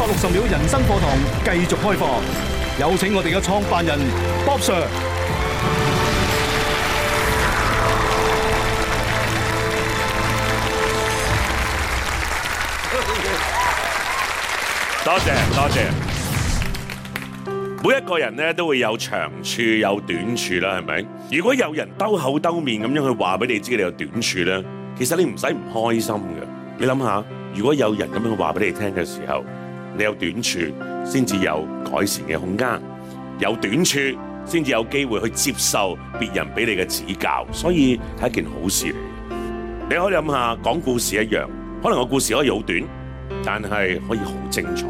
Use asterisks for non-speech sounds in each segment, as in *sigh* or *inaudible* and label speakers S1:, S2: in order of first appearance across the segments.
S1: 六一百十秒人生課堂繼續開課，有請我哋嘅創辦人 Bob Sir。
S2: 多謝多謝。謝謝。每一個人咧都會有長處有短處啦，係咪？如果有人兜口兜面咁樣去話俾你知你有短處咧，其實你唔使唔開心嘅。你諗下，如果有人咁樣話俾你聽嘅時候，你有短處，先至有改善嘅空間；有短處，先至有機會去接受別人俾你嘅指教。所以係一件好事嚟。你可以諗下，講故事一樣，可能個故事可以好短，但係可以好精彩。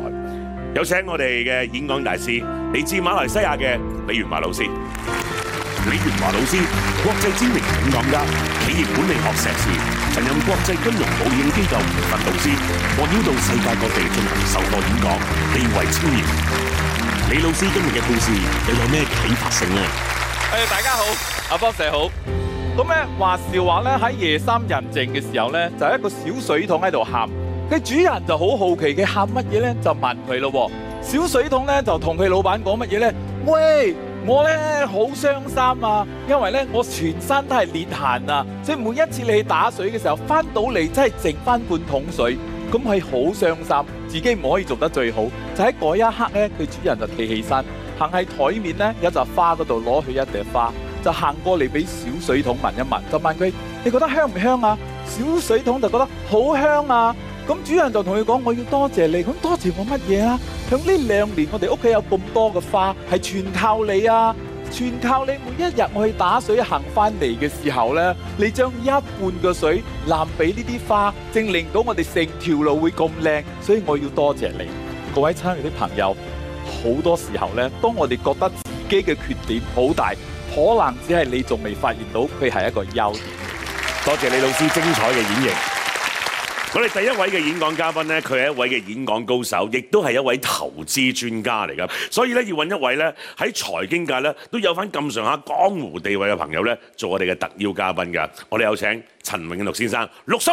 S2: 有請我哋嘅演講大師，嚟自馬來西亞嘅李元華老師。李元華老師，國際知名演講家，企業管理學碩士。曾任國際金融保險機構特導師，活躍到世界各地進行受課演講，地位超然。李老師今日嘅故事，又有咩啟發性呢？
S1: 誒，大家好，阿方 s 好。咁咧，話笑話咧，喺夜深人靜嘅時候咧，就一個小水桶喺度喊，佢主人就好好奇，佢喊乜嘢咧，就問佢咯。小水桶咧就同佢老闆講乜嘢咧？喂！我咧好傷心啊，因為咧我全身都係裂痕啊，所以每一次你去打水嘅時候，翻到嚟真係剩翻半桶水，咁係好傷心，自己唔可以做得最好。就喺嗰一刻咧，佢主人就企起身，行喺台面咧有一扎花嗰度攞去一朵花，就行過嚟俾小水桶聞一聞，就問佢：你覺得香唔香啊？小水桶就覺得好香啊，咁主人就同佢講：我要多謝你，咁多謝我乜嘢啊？響呢兩年，我哋屋企有咁多嘅花，係全靠你啊！全靠你每一日我去打水行翻嚟嘅時候咧，你將一半嘅水淋俾呢啲花，正令到我哋成條路會咁靚，所以我要多謝你。各位參與的朋友，好多時候咧，當我哋覺得自己嘅缺點好大，可能只係你仲未發現到佢係一個優點。多謝李老師精彩嘅演繹。我哋第一位嘅演講嘉賓咧，佢係一位嘅演講
S2: 高手，亦都係一位投資專家嚟㗎，所以咧要搵一位咧喺財經界咧都有返咁上下江湖地位嘅朋友咧，做我哋嘅特邀嘉賓㗎。我哋有請陳永陸先生，陸叔。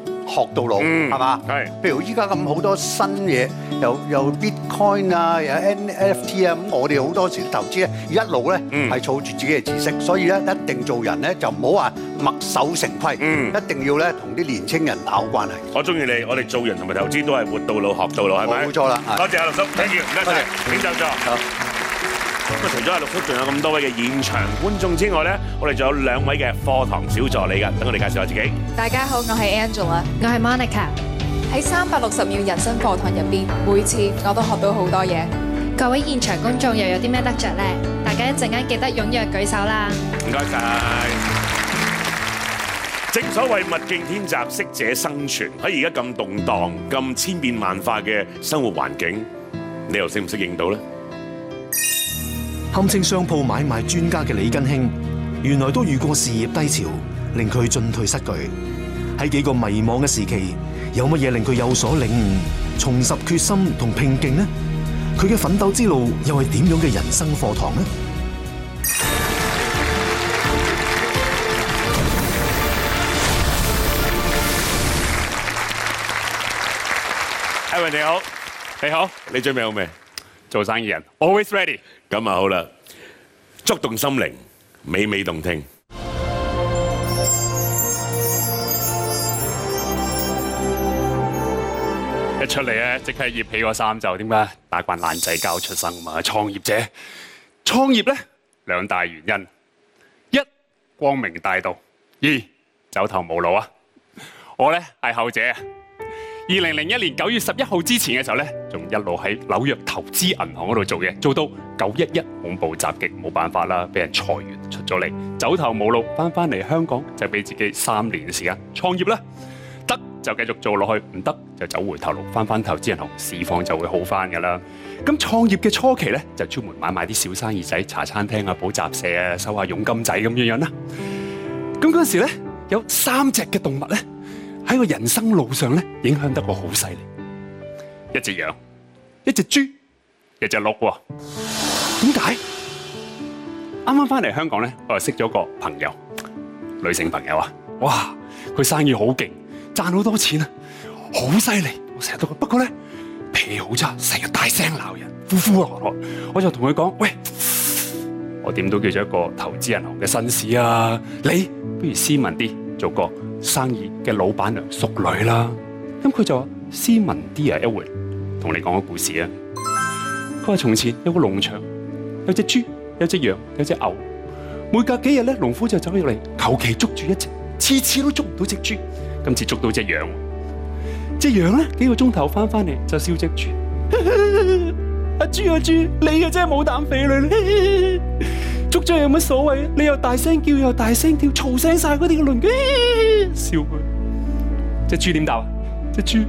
S3: 學到老係嘛？係，譬如依家咁好多新嘢，又又 Bitcoin 啊，又 NFT 啊，咁我哋好多時投資咧，一路咧係儲住自己嘅知識，所以咧一定做人咧就唔好話墨守成規，一定要咧同啲年青人打好
S2: 關係。我中意你，我哋做人同埋投資都係活到老學到老，係咪？冇錯啦，多謝阿陸生，聽完唔該曬，請就座。咁除咗阿陸虎仲有咁多位嘅現場觀眾之外咧，我哋仲有兩位嘅課堂小助理㗎，等我哋介紹下自己。
S1: 大家好，我係 Angela，我係 Monica。喺三百六十秒人生課堂入邊，每次我都學到好多嘢。各位現場觀眾又有啲咩得著咧？大家一陣間記得踴躍舉手啦！
S2: 唔該曬。正所謂物競天擇，適者生存。喺而家咁動盪、咁千變萬化嘅生活環境，你又適唔適應到咧？
S4: 堪稱商鋪買賣專家嘅李根興，原來都遇過事業低潮，令佢進退失據。喺幾個迷茫嘅時期，有乜嘢令佢有所領悟、重拾決心同拼勁呢？
S3: 佢
S1: 嘅奮鬥之路又係點樣嘅人生課堂呢？
S2: 艾位你好，你好，你準備好未？做生意人 Always ready，咁啊好啦，觸動心靈，娓娓動聽。
S5: 一出嚟咧，即刻熱起個衫袖，點解？打慣爛仔交出身嘛，創業者創業咧兩大原因：一光明大道，二走投無路啊！我咧係後者。二零零一年九月十一號之前嘅時候呢，仲一路喺紐約投資銀行嗰度做嘢，做到九一一恐怖襲擊，冇辦法啦，俾人裁員出咗嚟，走投無路，翻翻嚟香港就俾自己三年嘅時間創業啦，得就繼續做落去，唔得就走回頭路，翻翻投資銀行市況就會好翻噶啦。咁創業嘅初期呢，就專門買賣啲小生意仔、茶餐廳啊、補習社啊、收下佣金仔咁樣樣啦。咁嗰陣時呢，有三隻嘅動物呢。喺個人生路上咧，影響得我好犀利。一隻羊，一隻豬，一隻鹿喎。點解？啱啱翻嚟香港咧，我係識咗個朋友，女性朋友啊，哇！佢生意好勁，賺好多錢啊，好犀利。我成日都，不過咧脾氣好差，成日大聲鬧人，呼呼落、啊、落。我，我就同佢講：喂，我點都叫做一個投資銀行嘅紳士啊，你不如斯文啲。做過生意嘅老闆娘淑女啦，咁佢就斯文啲啊，一會同你講個故事啊。佢話從前有個農場，有隻豬，有隻羊，有隻牛。每隔幾日咧，農夫就走入嚟求其捉住一隻，次次都捉唔到隻豬，今次捉到隻羊。隻羊咧幾個鐘頭返返嚟就笑隻豬。阿豬 *laughs* 啊豬、啊，你啊真係冇膽肥啦！ *laughs* 捉咗有乜所謂啊？你又大聲叫又大聲叫，嘈醒晒嗰啲個鄰居笑佢。隻豬點答啊？隻豬，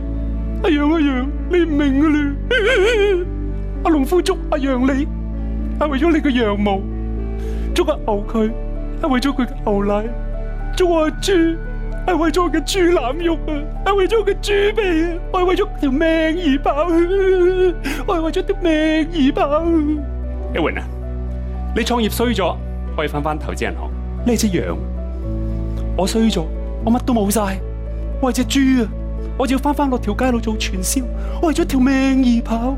S5: 阿羊阿羊，你唔明啊啦！阿農夫捉阿羊你，係為咗你個羊毛捉阿牛佢，係為咗佢嘅牛奶捉我阿豬，係為咗佢嘅豬腩肉啊，係為咗佢豬皮啊，係為咗條命而跑，係為咗條命而跑。誒，換啦。你創業衰咗，可以翻返投資銀行。你係隻羊，我衰咗，我乜都冇晒。我係隻豬啊！我就要翻翻落條街度做傳銷，為咗條命而跑。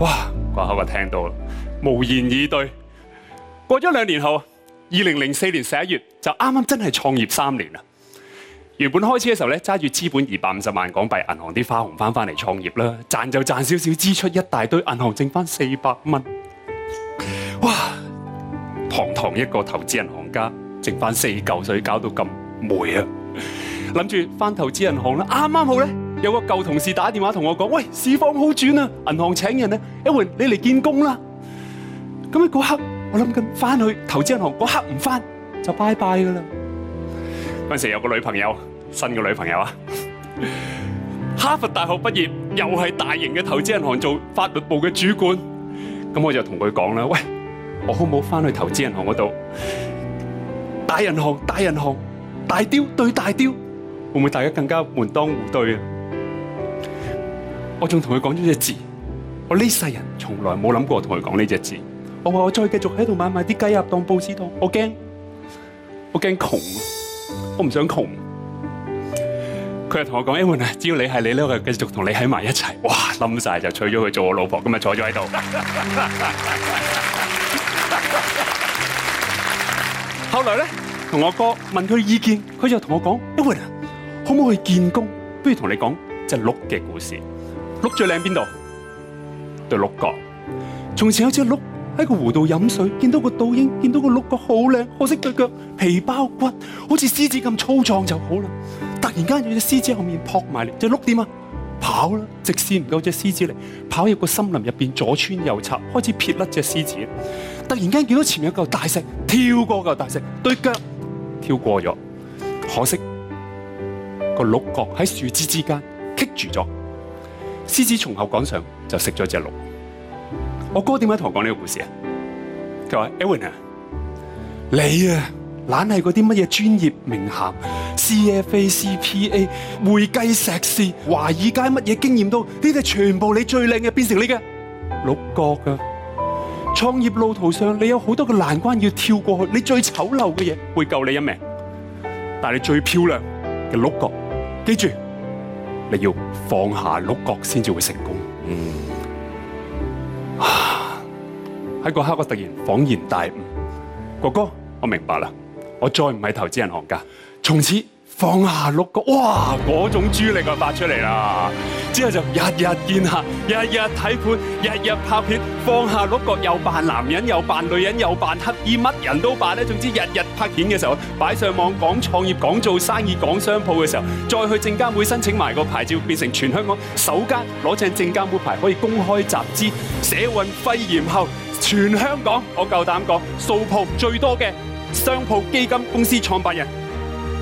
S5: 哇！嗰口我聽到啦，無言以對。過咗兩年後，二零零四年十一月就啱啱真係創業三年啦。原本開始嘅時候咧，揸住資本二百五十萬港幣，銀行啲花紅翻返嚟創業啦，賺就賺少少，支出一大堆，銀行剩翻四百蚊。哇！堂堂一個投資銀行家，剩翻四嚿水，搞到咁霉啊！諗住翻投資銀行啦，啱啱好咧，有個舊同事打電話同我講：喂，市況好轉啊，銀行請人咧，一會你嚟見工啦！咁喺嗰刻，我諗緊翻去投資銀行，嗰刻唔翻就拜拜噶啦。嗰陣時有個女朋友，新嘅女朋友啊，哈佛大學畢業，又係大型嘅投資銀行做法律部嘅主管，咁我就同佢講啦：喂！我好唔好翻去投資銀行嗰度？大銀行、大銀行、大雕對大雕，會唔會大家更加門當戶對啊？我仲同佢講咗隻字，我呢世人從來冇諗過同佢講呢隻字。我話我再繼續喺度買買啲雞鴨啊，當報紙檔。我驚，我驚窮，我唔想窮啊。佢又同我講 *music* ：，a 呀，只要你係你咧，我就繼續同你喺埋一齊。哇，冧晒，就娶咗佢做我老婆。咁啊，坐咗喺度。後來咧，同我哥問佢意見，佢就同我講：，不如啊，可唔可以去見工？不如同你講隻鹿嘅故事。鹿最靚邊度？對鹿角。從前有隻鹿喺個湖度飲水，見到個倒影，見到個鹿角好靚，可惜對腳皮包骨，好似獅子咁粗壯就好啦。突然間有隻獅子後面撲埋嚟，隻鹿點啊？跑啦！直線唔夠隻獅子嚟，跑入個森林入邊，左穿右插，開始撇甩隻獅子。突然間見到前面有嚿大石，跳過嚿大石，對腳跳過咗，可惜個鹿角喺樹枝之間棘住咗，獅子從後趕上就食咗隻鹿。我哥點解同我講呢個故事、e、啊？佢話：Elwin 啊，你啊，懶係嗰啲乜嘢專業名銜、CFA、CPA、會計碩士、華爾街乜嘢經驗都，呢啲全部你最靚嘅，變成你嘅鹿角噶、啊。創業路途上，你有好多個難關要跳過去，你最醜陋嘅嘢會救你一命，但係你最漂亮嘅鹿角，記住，你要放下鹿角先至會成功。嗯，啊，喺嗰刻我突然恍然大悟，哥哥，我明白啦，我再唔係投資銀行家，從此。放下鹿角，哇！嗰種豬力啊，發出嚟啦！之後就日日見客，日日睇盤，日日拍片。放下鹿角又扮男人，又扮女人，又扮乞兒，乜人都扮呢。總之日日拍片嘅時候，擺上網講創業、講做生意、講商鋪嘅時候，再去證監會申請埋個牌照，變成全香港首間攞正證監會牌可以公開集資。社運肺炎後，全香港我夠膽講，數鋪最多嘅商鋪基金公司創辦人。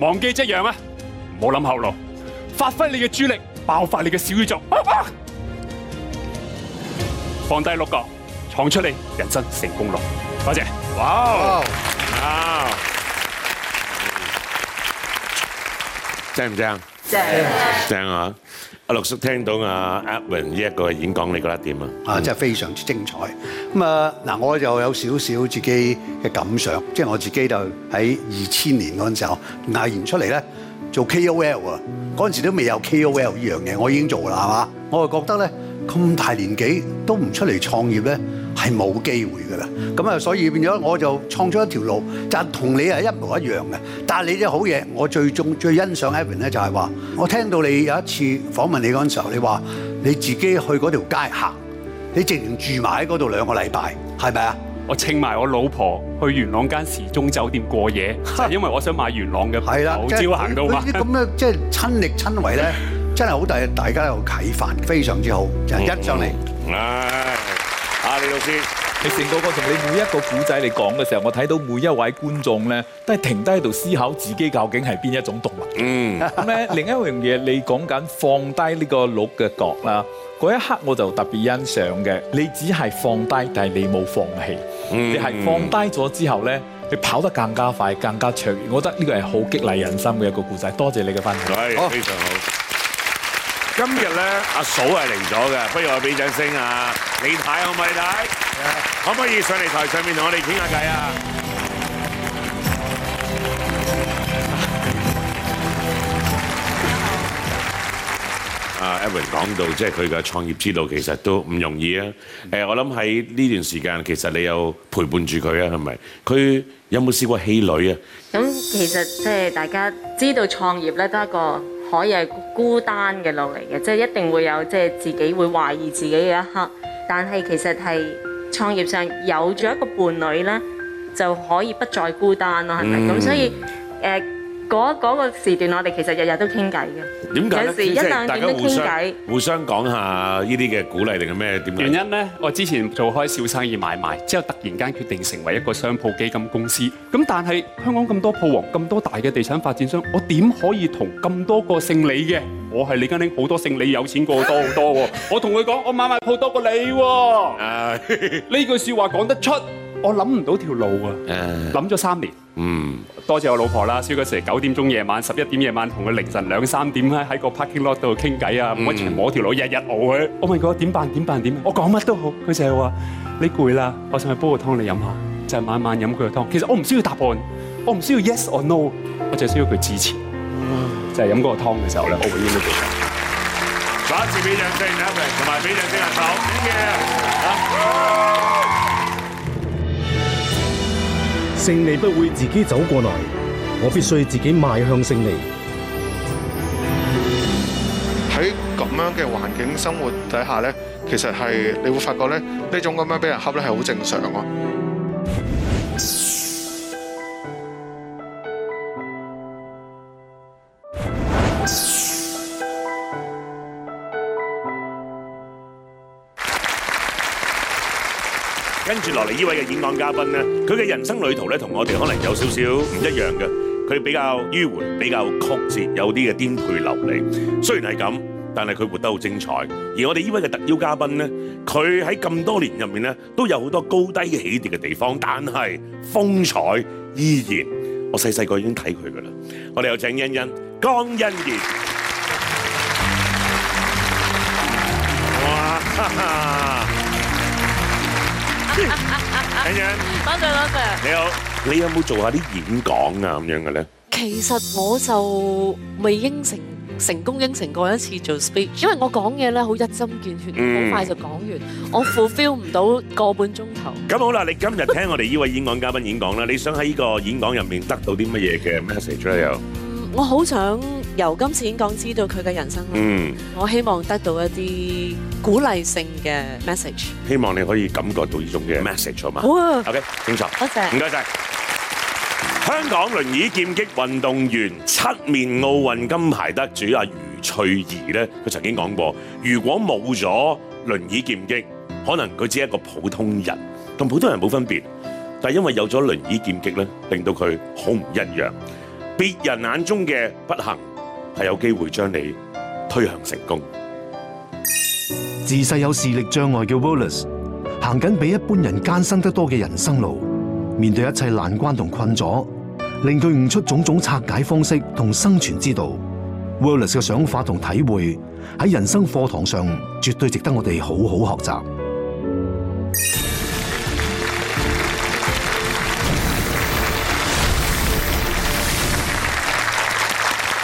S5: 忘記隻羊啊！唔好諗後路，發揮你嘅豬力，爆發你嘅小宇宙，啊啊，放低鹿角，創出你人生成功路。
S2: 多謝，謝。哇！哇！正唔正？棒正吧，正啊，阿陸叔聽到阿 Edwin 呢一個演講，你覺得點啊？
S3: 啊，真係非常之精彩。咁啊，嗱，我就有少少自己嘅感想，即係我自己就喺二千年嗰陣時候，毅然出嚟咧做 K O L 啊，嗰陣時都未有 K O L 呢樣嘢，我已經做啦，係嘛，我啊覺得咧咁大年紀都唔出嚟創業咧。係冇機會噶啦，咁啊，所以變咗我就創出一條路，就係同你啊一模一樣嘅。但係你啲好嘢，我最中最欣賞 Evan 咧、就係，就係話我聽到你有一次訪問你嗰陣時候，你話你自己去嗰條街行，
S5: 你直情住埋喺嗰度兩個禮拜，係咪啊？我請埋我老婆去元朗間時鐘酒店過夜，啊、因為我想買元朗嘅土蕉朝行到晚嘛。咁
S3: 樣即係親力親為咧， *laughs* 真係好大，大家有啟發，非常之好。就係、係、一上嚟。
S1: *music* 李老師，你成個個同你每一個古仔你講嘅時候，我睇到每一位觀眾咧都係停低喺度思考自己究竟係邊一種動物。嗯，咁另一樣嘢，你講緊放低呢個鹿嘅角啦，嗰一刻我就特別欣賞嘅。你只係放低，但係你冇放棄。你係放低咗之後咧，你跑得更加快、更加長遠。我覺得呢個係好激勵人心嘅一個古仔。多謝你嘅分享。對，
S2: 非常好。好。今日咧，阿嫂係嚟咗嘅，不如我俾掌聲啊！李太可唔可以睇？可唔 Yeah. 可以上嚟台上面同我哋傾下偈啊？阿 e v e n 講到即係佢嘅創業之路，其實都唔容易啊！誒、mm，hmm. 我諗喺呢段時間，其實你有陪伴住佢啊，係咪？佢有冇試過氣餒啊？
S6: 咁其實即係大家知道創業咧，都係一個可以係孤單嘅路嚟嘅，即係一定會有，即係自己會懷疑自己嘅一刻。但係其實係創業上有咗一個伴侶呢，就可以不再孤單咯，係咪、嗯？咁所以誒。呃嗰嗰個時段，我哋其實日日都傾
S1: 偈嘅。有時一兩點都傾偈，
S2: 互相講下呢啲嘅鼓勵定係咩？
S5: 點解原因呢？我之前做開小生意買賣，之後突然間決定成為一個商鋪基金公司。咁但係香港咁多鋪王，咁多大嘅地產發展商，我點可以同咁多個姓李嘅？我係李根興，好多姓李有錢過多好多喎。我同佢講，我買賣鋪多過你喎。呢句説話講得出。我諗唔到條路啊！諗咗三年。嗯，多謝我老婆啦。宵哥成九點鐘夜晚、十一點夜晚，同佢凌晨兩三點咧喺個 parking lot 度傾偈啊，唔屈住摸條路，日日熬佢。我問佢點辦？點辦？點？我講乜都好，佢就係話你攰啦，我想去煲個湯你飲下。就晚晚飲佢個湯。其實我唔需要答案，我唔需要 yes or no，我就係需要佢支持。就係飲嗰個湯嘅時候咧，我永遠都記得。
S2: 再次畀兩聲啊肥，同埋畀兩聲啊頭，唔該。
S5: 勝利不會自己走過來，我必須自己邁向勝利。
S4: 喺咁樣嘅環境生活底下咧，其實係你會發覺咧，呢種咁樣俾人恰咧係好正常嘅。
S2: 跟住落嚟，呢位嘅演講嘉賓咧，佢嘅人生旅途咧，同我哋可能有少少唔一樣嘅。佢比較迂迴，比較曲折，有啲嘅顛沛流離。雖然係咁，但係佢活得好精彩。而我哋呢位嘅特邀嘉賓咧，佢喺咁多年入面咧，都有好多高低嘅起跌嘅地方，但係風采依然。我細細個已經睇佢噶啦。我哋有請欣欣江欣燕。哇！
S6: 咁樣，多謝多謝。
S2: 你好，你有冇做下啲演講啊？咁樣嘅咧，
S6: 其實我就未應承成功應承過一次做 speech，因為我講嘢咧好一針見血，好快就講完，我 fulfill 唔到個半鐘頭。
S2: 咁好啦，你今日聽我哋呢位演講嘉賓演講啦，你想喺呢個演講入面得到啲乜嘢嘅 message 咧？又，
S6: 我好想。由今次演講知道佢嘅人生，我希望得到一啲鼓勵性嘅 message。
S2: 希望你可以感覺到呢種嘅 message，好嘛？O K，請坐，多謝，唔該曬。香港輪椅劍擊運動員、七面奧運金牌得主阿余翠怡咧，佢曾經講過：如果冇咗輪椅劍擊，可能佢只係一個普通人，同普通人冇分別。但係因為有咗輪椅劍擊咧，令到佢好唔一樣。別人眼中嘅不幸。係有機會將你推向成功。
S4: 自細有視力障礙嘅 Wallace，行緊比一般人艱辛得多嘅人生路，面對一切難關同困阻，令佢悟出種種拆解方式同生存之道。Wallace 嘅想法同體會喺人生課堂上絕對值得我哋好好學習。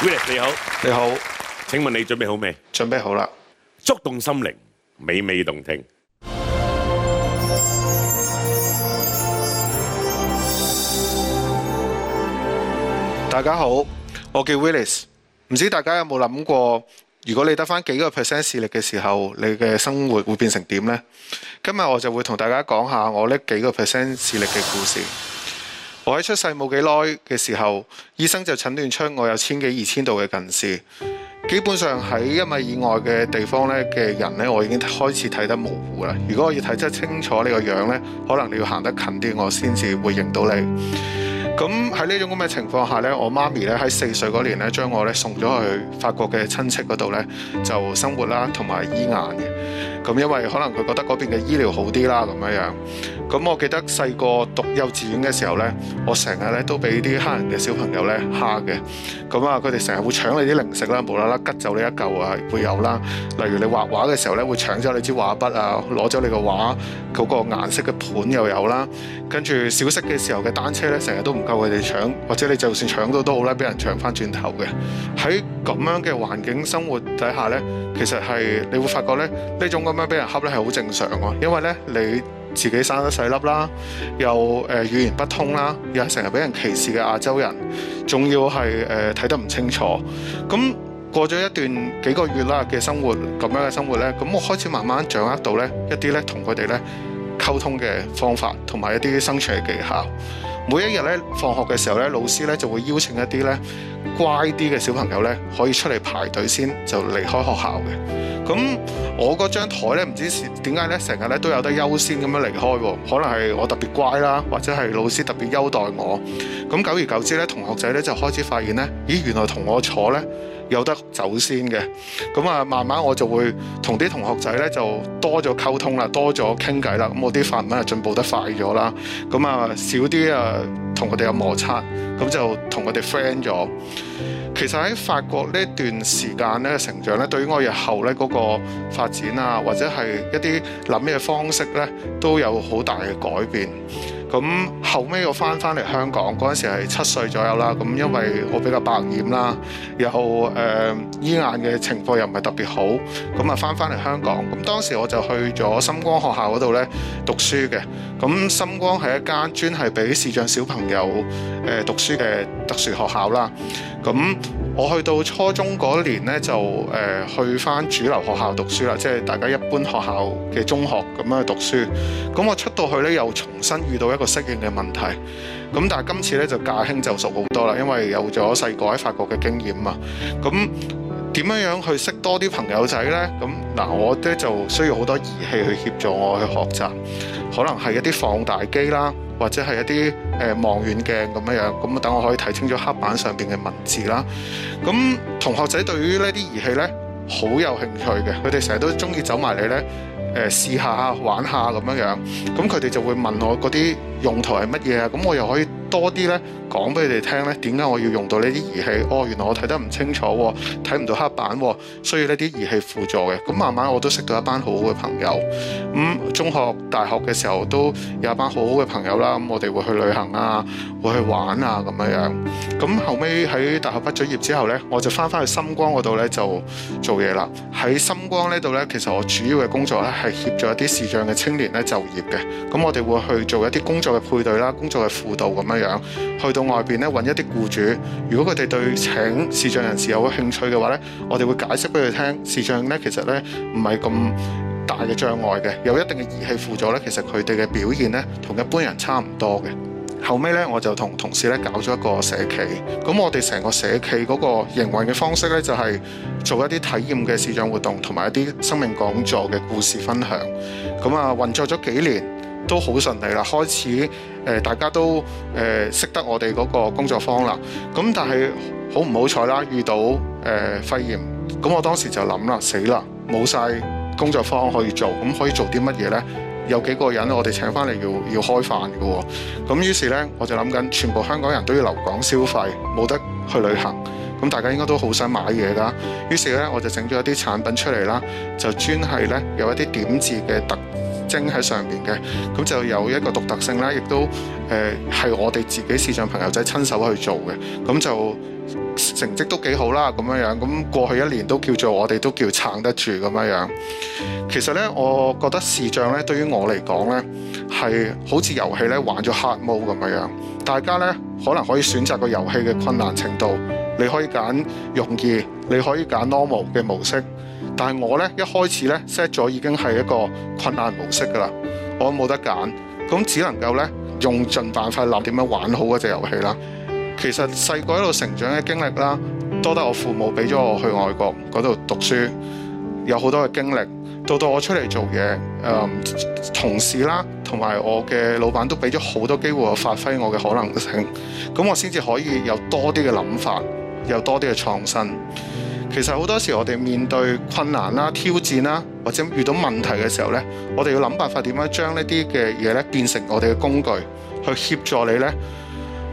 S2: Willis 你好，你好，請問你準備好未？準備好啦！觸動心靈，美美動聽。
S4: 大家好，我叫 Willis。唔知大家有冇諗過，如果你得翻幾個 percent 視力嘅時候，你嘅生活會變成點呢？今日我就會同大家講下我呢幾個 percent 視力嘅故事。我喺出世冇幾耐嘅時候，醫生就診斷出我有千幾二千度嘅近視，基本上喺一米以外嘅地方咧嘅人咧，我已經開始睇得模糊啦。如果我要睇得清楚你個樣咧，可能你要行得近啲，我先至會認到你。咁喺呢種咁嘅情況下呢，我媽咪呢喺四歲嗰年呢，將我呢送咗去法國嘅親戚嗰度呢，就生活啦同埋醫眼嘅。咁因為可能佢覺得嗰邊嘅醫療好啲啦，咁樣樣。咁我記得細個讀幼稚園嘅時候呢，我成日呢都俾啲黑人嘅小朋友呢蝦嘅。咁啊，佢哋成日會搶你啲零食啦，無啦啦吉走你一嚿啊，會有啦。例如你畫畫嘅時候呢，會搶走你支畫筆啊，攞走你個畫嗰個顏色嘅盤又有啦。跟住小息嘅時候嘅單車呢，成日都唔～我哋搶，或者你就算搶到都好咧，俾人搶翻轉頭嘅。喺咁樣嘅環境生活底下呢，其實係你會發覺咧，呢種咁樣俾人恰咧係好正常喎。因為呢你自己生得細粒啦，又誒語言不通啦，又成日俾人歧視嘅亞洲人，仲要係誒睇得唔清楚。咁過咗一段幾個月啦嘅生活，咁樣嘅生活呢，咁我開始慢慢掌握到呢一啲呢同佢哋呢溝通嘅方法，同埋一啲生存嘅技巧。每一日咧放學嘅時候咧，老師咧就會邀請一啲咧乖啲嘅小朋友咧，可以出嚟排隊先就離開學校嘅。咁我嗰張台咧，唔知點解咧，成日咧都有得優先咁樣離開喎。可能係我特別乖啦，或者係老師特別優待我。咁久而久之咧，同學仔咧就開始發現咧，咦，原來同我坐咧，有得走先嘅，咁啊，慢慢我就會同啲同學仔呢就多咗溝通啦，多咗傾偈啦。咁我啲法文啊進步得快咗啦，咁啊少啲啊同佢哋有摩擦，咁就同佢哋 friend 咗。其實喺法國呢段時間呢，成長呢對於我日後呢嗰個發展啊，或者係一啲諗嘅方式呢，都有好大嘅改變。咁後尾我翻翻嚟香港嗰陣時係七歲左右啦，咁因為我比較白眼啦，然後誒，眼嘅情況又唔係特別好，咁啊翻翻嚟香港，咁當時我就去咗深光學校嗰度呢讀書嘅，咁深光係一間專係俾視障小朋友誒讀書嘅特殊學校啦。咁我去到初中嗰年呢，就誒去翻主流學校讀書啦，即係大家一般學校嘅中學咁樣去讀書。咁我出到去呢，又重新遇到一個適應嘅問題。咁但係今次呢，就駕輕就熟好多啦，因為有咗細個喺法國嘅經驗啊嘛。咁點樣樣去識多啲朋友仔呢？咁嗱，我呢就需要好多儀器去協助我去學習，可能係一啲放大機啦。或者係一啲誒望遠鏡咁樣樣，咁等我可以睇清楚黑板上邊嘅文字啦。咁同學仔對於呢啲儀器呢，好有興趣嘅，佢哋成日都中意走埋嚟呢，誒試下玩下咁樣樣。咁佢哋就會問我嗰啲用途係乜嘢啊？咁我又可以多啲呢講俾你哋聽呢點解我要用到呢啲儀器？哦，原來我睇得唔清楚喎，睇唔到黑板喎，需要呢啲儀器輔助嘅。咁慢慢我都識到一班好好嘅朋友。咁中學、大學嘅時候都有一班好好嘅朋友啦。咁我哋會去旅行啊，會去玩啊咁樣樣。咁後尾喺大學畢咗業之後呢，我就返返去深光嗰度呢就做嘢啦。喺深光呢度呢，其實我主要嘅工作呢係協助一啲視障嘅青年呢就業嘅。咁我哋會去做一啲工作嘅配對啦，工作嘅輔導咁樣樣，去到外邊咧揾一啲僱主，如果佢哋對請視障人士有興趣嘅話咧，我哋會解釋俾佢聽，視障咧其實咧唔係咁大嘅障礙嘅，有一定嘅儀器輔助咧，其實佢哋嘅表現咧同一般人差唔多嘅。後尾咧，我就同同事咧搞咗一個社企，咁我哋成個社企嗰個營運嘅方式咧就係做一啲體驗嘅視障活動，同埋一啲生命講座嘅故事分享。咁啊，運作咗幾年。都好順利啦，開始大家都誒識得我哋嗰個工作坊啦。咁但係好唔好彩啦？遇到肺炎，咁我當時就諗啦，死啦，冇晒工作坊可以做，咁可以做啲乜嘢呢？有幾個人我哋請翻嚟要要開飯㗎喎。咁於是呢，我就諗緊，全部香港人都要留港消費，冇得去旅行，咁大家應該都好想買嘢㗎。於是呢，我就整咗一啲產品出嚟啦，就專係呢有一啲點字嘅特。蒸喺上面嘅，咁就有一個獨特性啦，亦都誒係我哋自己視像朋友仔親手去做嘅，咁就成績都幾好啦，咁樣樣，咁過去一年都叫做我哋都叫撐得住咁樣樣。其實呢，我覺得視像呢，對於我嚟講呢，係好似遊戲呢玩咗 hard 模咁樣樣。大家呢，可能可以選擇個遊戲嘅困難程度，你可以揀容易，你可以揀 normal 嘅模式。但係我呢，一開始呢 set 咗已經係一個困難模式噶啦，我冇得揀，咁只能夠呢，用盡辦法諗點樣玩好嗰隻遊戲啦。其實細個喺度成長嘅經歷啦，多得我父母俾咗我去外國嗰度讀書，有好多嘅經歷。到到我出嚟做嘢，誒同事啦，同埋我嘅老闆都俾咗好多機會我發揮我嘅可能性，咁我先至可以有多啲嘅諗法，有多啲嘅創新。其實好多時我哋面對困難啦、挑戰啦，或者遇到問題嘅時候呢，我哋要諗辦法點樣將呢啲嘅嘢呢變成我哋嘅工具，去協助你呢，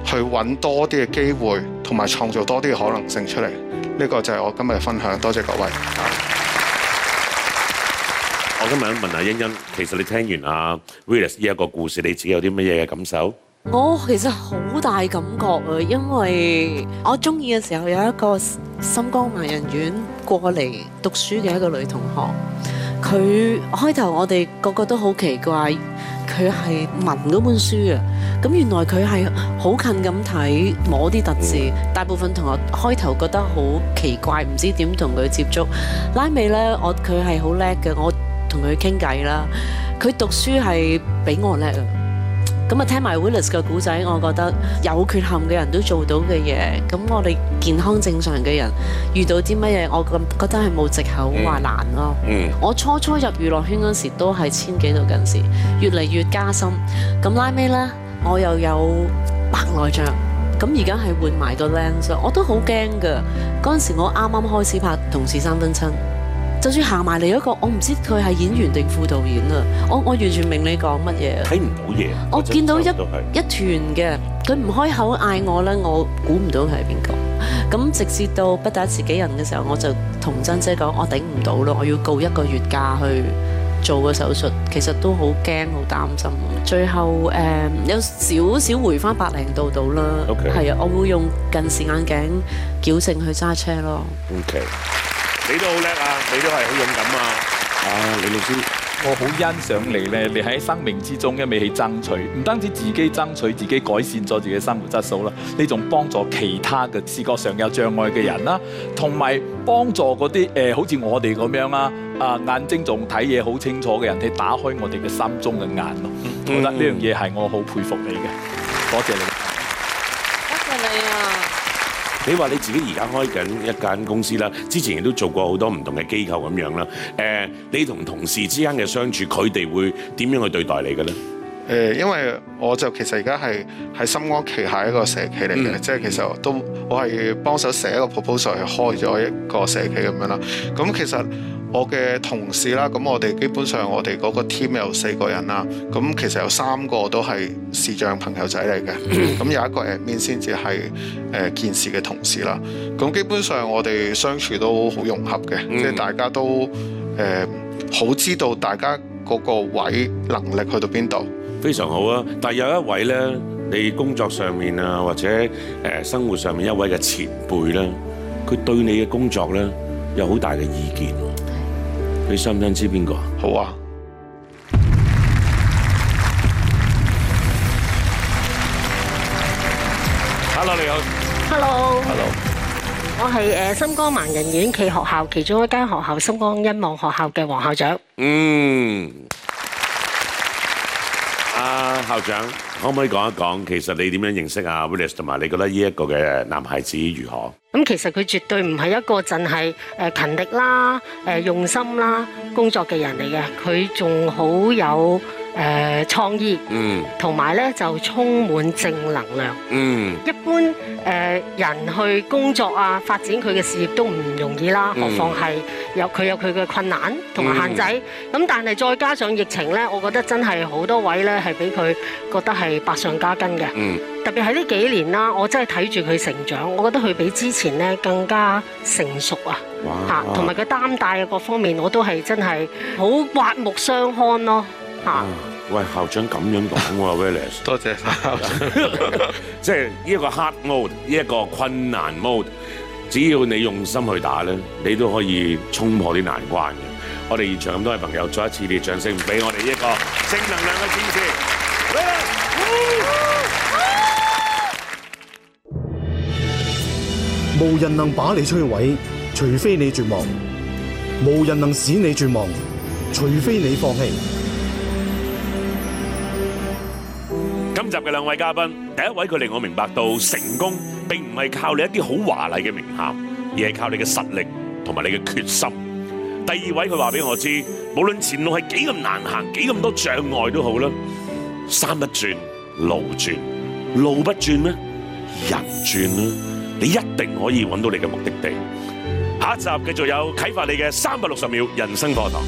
S4: 去揾多啲嘅機會，同埋創造多啲嘅可能性出嚟。呢個就係我今日嘅分享。多謝各位。我今日想問下欣欣，其
S2: 實你聽完阿 Willis 呢一個故事，你自己有啲乜嘢嘅感受？
S6: 我其實好大感覺啊，因為我中意嘅時候有一個心光盲人院過嚟讀書嘅一個女同學，佢開頭我哋個個都好奇怪，佢係聞嗰本書啊，咁原來佢係好近咁睇摸啲凸字，大部分同學開頭覺得好奇怪，唔知點同佢接觸拉美。拉尾呢，我佢係好叻嘅，我同佢傾偈啦，佢讀書係比我叻。咁啊，聽埋 Willis 嘅故仔，我覺得有缺陷嘅人都做到嘅嘢，咁我哋健康正常嘅人遇到啲乜嘢，我咁覺得係冇藉口話難咯。我初初入娛樂圈嗰時都係千幾度近視，越嚟越加深。咁拉尾呢，我又有白內障，咁而家係換埋個 Lens，我都好驚㗎。嗰陣時我啱啱開始拍《同事三分親》。就算行埋嚟嗰個，我唔知佢係演員定副導演啊！我我完全明你講乜嘢。睇唔到
S2: 嘢。我見到一,
S6: 一團嘅，佢唔開口嗌我咧，我估唔到佢係邊個。咁直至到不打自己人嘅時候，我就同珍姐講，我頂唔到咯，我要告一個月假去做個手術。其實都好驚，好擔心。最後誒有少少回翻百零度度啦，係啊，我會用近視眼鏡矯正去揸車咯。
S1: 你都好叻啊！你都係好勇敢啊！啊，李老師，我好欣賞你咧。你喺生命之中一味去爭取，唔單止自己爭取，自己改善咗自己嘅生活質素啦，你仲幫助其他嘅視覺上有障礙嘅人啦，同埋幫助啲誒，好似我哋咁樣啦啊眼睛仲睇嘢好清楚嘅人，去打開我哋嘅心中嘅眼咯。我覺得呢樣嘢係我好佩服你嘅，多謝你。
S2: 你話你自己而家開緊一間公司啦，之前亦都做過好多唔同嘅機構咁樣啦。誒，你同同事之間嘅相處，佢哋會
S4: 點樣去對待你嘅咧？誒，因為我就其實而家係係心光旗下的一個社企嚟嘅，即係其實我都我係幫手寫一個 proposal 去開咗一個社企咁樣啦。咁其實。我嘅同事啦，咁我哋基本上我哋嗰個 team 有四個人啦，咁其實有三個都係視障朋友仔嚟嘅，咁有一個 admin 先至係誒見事嘅同事啦。咁基本上我哋相處都好融合嘅，即係大家都誒好知道大家嗰個位能力去到邊度。非常好啊！但係有一位咧，你工作上面
S2: 啊，或者誒生活上面一位嘅前輩咧，佢對你嘅工作咧有好大嘅意見。你想唔想知邊個？好啊！Hello，你好。
S6: Hello，Hello。Hello. 我係誒心光盲人院暨學校其中一間學校——心光恩望學校嘅黃校長。
S2: 嗯。校長可唔可以講一講，其實你點樣認識阿 Willis 同埋你覺得呢一個嘅男孩子如何？
S6: 咁其實佢絕對唔係一個淨係誒勤力啦、誒用心啦、工作嘅人嚟嘅，佢仲好有。誒、呃、創意，嗯，同埋咧就充滿正能量，嗯，一般、呃、人去工作啊，發展佢嘅事業都唔容易啦，嗯、何況係有佢有佢嘅困難同埋限制，咁、嗯、但係再加上疫情咧，我覺得真係好多位咧係俾佢覺得係百上加斤嘅，嗯，特別喺呢幾年啦，我真係睇住佢成長，我覺得佢比之前咧更加成熟啊，嚇，同埋佢擔戴嘅各方面，我都係真係好刮目相看咯。
S2: 喂，校長咁樣講喎，威利斯，多謝校長。即係呢一個 hard mode，呢一個困難 mode，這個、只要你用心去打咧，你都可以衝破啲難關嘅。我哋現場咁多位朋友，再一次你嘅掌聲，俾我哋一個正能量嘅支持，威利斯。
S5: 無人能把你摧毀，除非你
S1: 絕望；無人能使你絕望，除非你放棄。
S2: 今集嘅兩位嘉賓，第一位佢令我明白到成功並唔係靠你一啲好華麗嘅名銜，而係靠你嘅實力同埋你嘅決心。第二位佢話俾我知，無論前路係幾咁難行，幾咁多障礙都好啦，山不轉路轉，路不轉咧人轉啦，你一定可以揾到你嘅目的地。下一集繼續有啟發你嘅三百六十秒人生課堂。